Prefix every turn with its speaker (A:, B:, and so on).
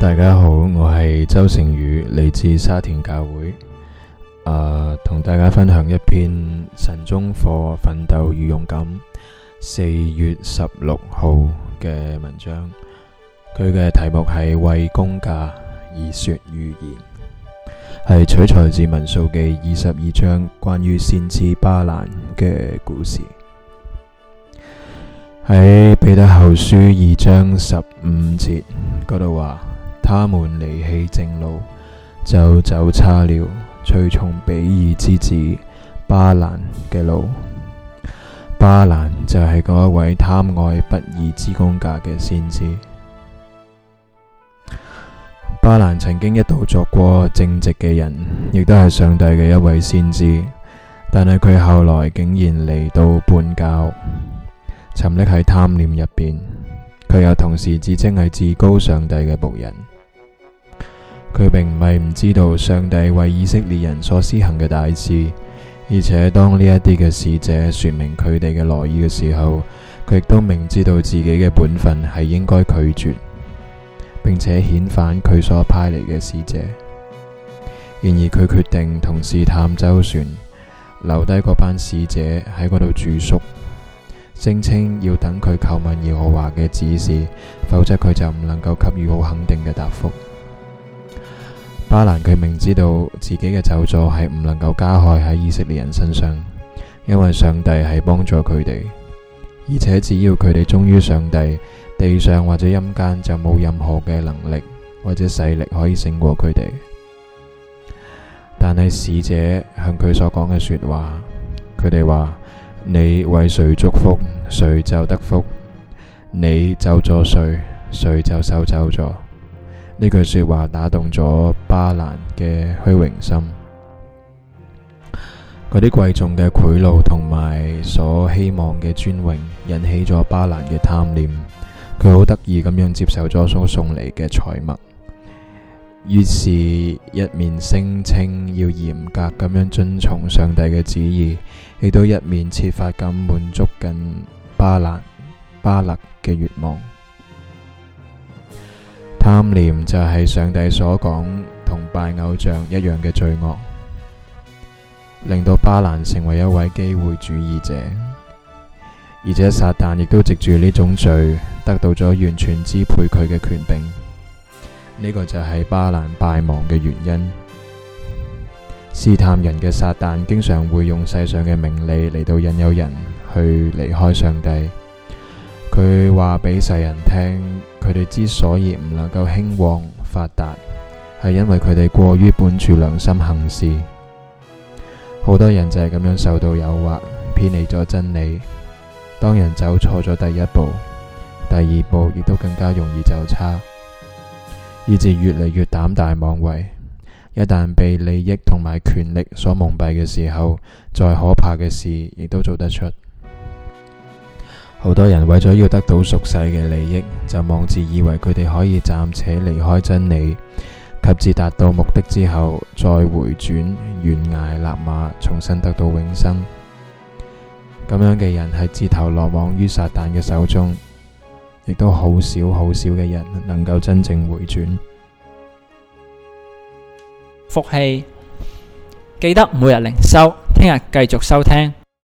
A: 大家好，我係周成宇，嚟自沙田教會。同、呃、大家分享一篇神中課奮鬥與勇敢，四月十六號嘅文章。佢嘅題目係為工價而說預言，係取材自《民數記》二十二章關於先知巴蘭嘅故事。喺彼得後書二章十五節嗰度話，他們離棄正路，就走差了，隨從比爾之子巴蘭嘅路。巴蘭就係嗰一位貪愛不義之工價嘅先知。巴蘭曾經一度作過正直嘅人，亦都係上帝嘅一位先知，但係佢後來竟然嚟到叛教。沉溺喺貪念入邊，佢又同時自稱係至高上帝嘅僕人。佢並唔係唔知道上帝為以色列人所施行嘅大事，而且當呢一啲嘅使者說明佢哋嘅來意嘅時候，佢亦都明知道自己嘅本分係應該拒絕，並且遣返佢所派嚟嘅使者。然而佢決定同試探周旋，留低嗰班使者喺嗰度住宿。聲稱要等佢叩問耶和華嘅指示，否則佢就唔能夠給予好肯定嘅答覆巴蘭佢明知道自己嘅咒詛係唔能夠加害喺以色列人身上，因為上帝係幫助佢哋，而且只要佢哋忠於上帝，地上或者陰間就冇任何嘅能力或者勢力可以勝過佢哋。但係使者向佢所講嘅說話，佢哋話。你為誰祝福，誰就得福；你咒咗誰，誰就受咒咗。呢句說話打動咗巴蘭嘅虛榮心，嗰啲貴重嘅賄賂同埋所希望嘅尊榮，引起咗巴蘭嘅貪念。佢好得意咁樣接受咗所送嚟嘅財物。於是，一面聲稱要嚴格咁樣遵從上帝嘅旨意，亦都一面設法咁滿足緊巴蘭巴勒嘅願望。貪念就係上帝所講同拜偶像一樣嘅罪惡，令到巴蘭成為一位機會主義者，而且撒旦亦都藉住呢種罪，得到咗完全支配佢嘅權柄。呢個就係巴蘭敗亡嘅原因。試探人嘅撒旦經常會用世上嘅名利嚟到引誘人去離開上帝。佢話俾世人聽，佢哋之所以唔能夠興旺發達，係因為佢哋過於本住良心行事。好多人就係咁樣受到誘惑，偏離咗真理。當人走錯咗第一步，第二步亦都更加容易走差。以至越嚟越膽大妄為，一旦被利益同埋權力所蒙蔽嘅時候，再可怕嘅事亦都做得出。好多人為咗要得到俗世嘅利益，就妄自以為佢哋可以暫且離開真理，及至達到目的之後，再回轉懸崖勒馬，重新得到永生。咁樣嘅人係自投羅網於撒旦嘅手中。亦都好少好少嘅人能夠真正回轉。福氣，記得每日靈修，聽日繼續收聽。